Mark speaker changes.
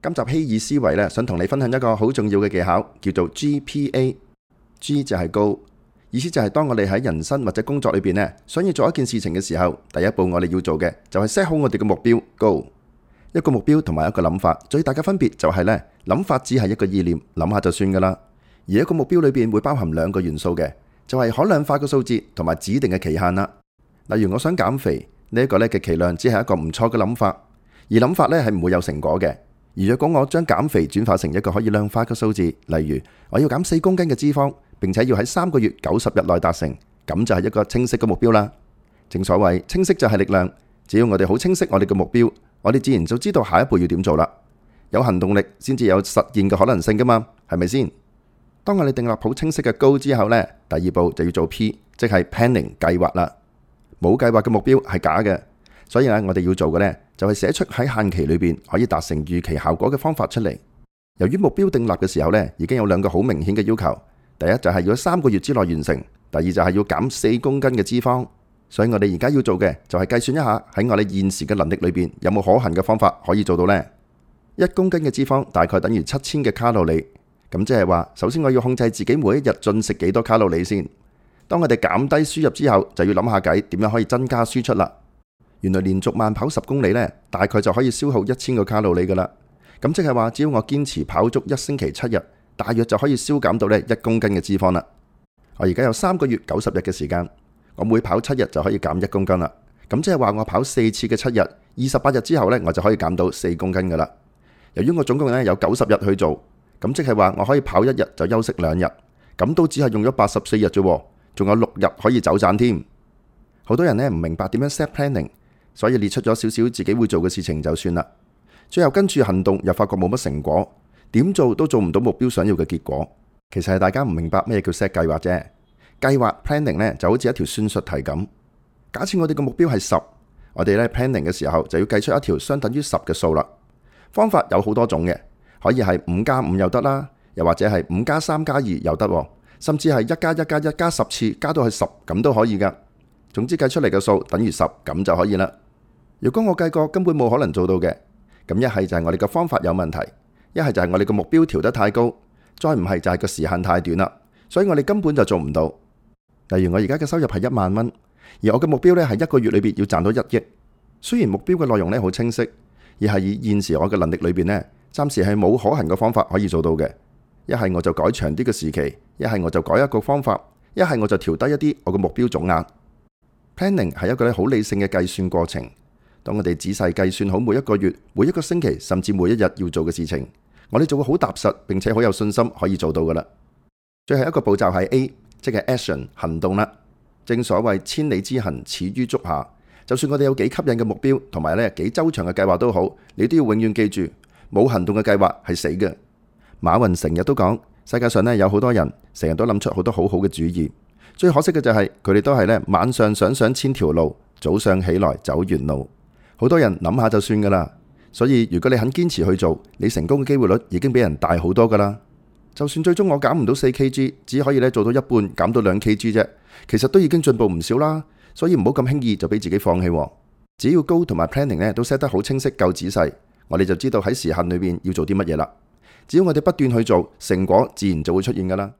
Speaker 1: 今集希爾思維咧，想同你分享一個好重要嘅技巧，叫做 G P A。G 就係 Go，意思就係當我哋喺人生或者工作裏邊咧，想要做一件事情嘅時候，第一步我哋要做嘅就係 set 好我哋嘅目標。Go 一個目標同埋一個諗法最大嘅分別就係咧，諗法只係一個意念，諗下就算噶啦。而一個目標裏邊會包含兩個元素嘅，就係可量化嘅數字同埋指定嘅期限啦。例如我想減肥呢一個咧嘅其量，只係一個唔錯嘅諗法，而諗法咧係唔會有成果嘅。而若果我將減肥轉化成一個可以量化嘅數字，例如我要減四公斤嘅脂肪，並且要喺三個月九十日內達成，咁就係一個清晰嘅目標啦。正所謂清晰就係力量，只要我哋好清晰我哋嘅目標，我哋自然就知道下一步要點做啦。有行動力先至有實現嘅可能性㗎嘛，係咪先？當我哋定立好清晰嘅 Goal 之後呢，第二步就要做 P，即係 planning 計劃啦。冇計劃嘅目標係假嘅。所以呢，我哋要做嘅呢，就係寫出喺限期裏邊可以達成預期效果嘅方法出嚟。由於目標定立嘅時候呢，已經有兩個好明顯嘅要求，第一就係要喺三個月之內完成，第二就係要減四公斤嘅脂肪。所以我哋而家要做嘅就係計算一下，喺我哋現時嘅能力裏邊有冇可行嘅方法可以做到呢。一公斤嘅脂肪大概等於七千嘅卡路里，咁即係話首先我要控制自己每一日進食幾多卡路里先。當我哋減低輸入之後，就要諗下計點樣可以增加輸出啦。原來連續慢跑十公里呢，大概就可以消耗一千個卡路里㗎喇。咁即係話，只要我堅持跑足一星期七日，大約就可以消減到呢一公斤嘅脂肪啦。我而家有三個月九十日嘅時間，我每跑七日就可以減一公斤啦。咁即係話，我跑四次嘅七日，二十八日之後呢，我就可以減到四公斤㗎喇。由於我總共呢有九十日去做，咁即係話我可以跑一日就休息兩日，咁都只係用咗八十四日啫，仲有六日可以走盞添。好多人呢唔明白點樣 set planning。所以列出咗少少自己會做嘅事情就算啦。最後跟住行動又發覺冇乜成果，點做都做唔到目標想要嘅結果。其實係大家唔明白咩叫 set 計劃啫。計劃 planning 咧就好似一條算術題咁。假設我哋嘅目標係十，我哋咧 planning 嘅時候就要計出一條相等於十嘅數啦。方法有好多種嘅，可以係五加五又得啦，又或者係五加三加二又得，甚至係一加一加一加十次加到去十咁都可以噶。總之計出嚟嘅數等於十咁就可以啦。如果我計過根本冇可能做到嘅，咁一係就係我哋個方法有問題，一係就係我哋個目標調得太高，再唔係就係個時限太短啦，所以我哋根本就做唔到。例如我而家嘅收入係一萬蚊，而我嘅目標呢係一個月裏邊要賺到一億，雖然目標嘅內容呢好清晰，而係以現時我嘅能力裏邊呢，暫時係冇可行嘅方法可以做到嘅。一係我就改長啲嘅時期，一係我就改一個方法，一係我就調低一啲我嘅目標總額。Planning 係一個咧好理性嘅計算過程。等我哋仔細計算好每一個月、每一個星期，甚至每一日要做嘅事情，我哋就會好踏實，並且好有信心可以做到噶啦。最後一個步驟係 A，即係 action 行動啦。正所謂千里之行，始於足下。就算我哋有幾吸引嘅目標，同埋咧幾周長嘅計劃都好，你都要永遠記住，冇行動嘅計劃係死嘅。馬雲成日都講，世界上咧有好多人成日都諗出好多好好嘅主意，最可惜嘅就係佢哋都係咧晚上想想千條路，早上起來走原路。好多人諗下就算噶啦，所以如果你肯堅持去做，你成功嘅機會率已經比人大好多噶啦。就算最終我減唔到四 kg，只可以咧做到一半減到兩 kg 啫，其實都已經進步唔少啦。所以唔好咁輕易就俾自己放棄。只要 Goal 同埋 planning 咧都 set 得好清晰夠仔細，我哋就知道喺時限裏邊要做啲乜嘢啦。只要我哋不斷去做，成果自然就會出現噶啦。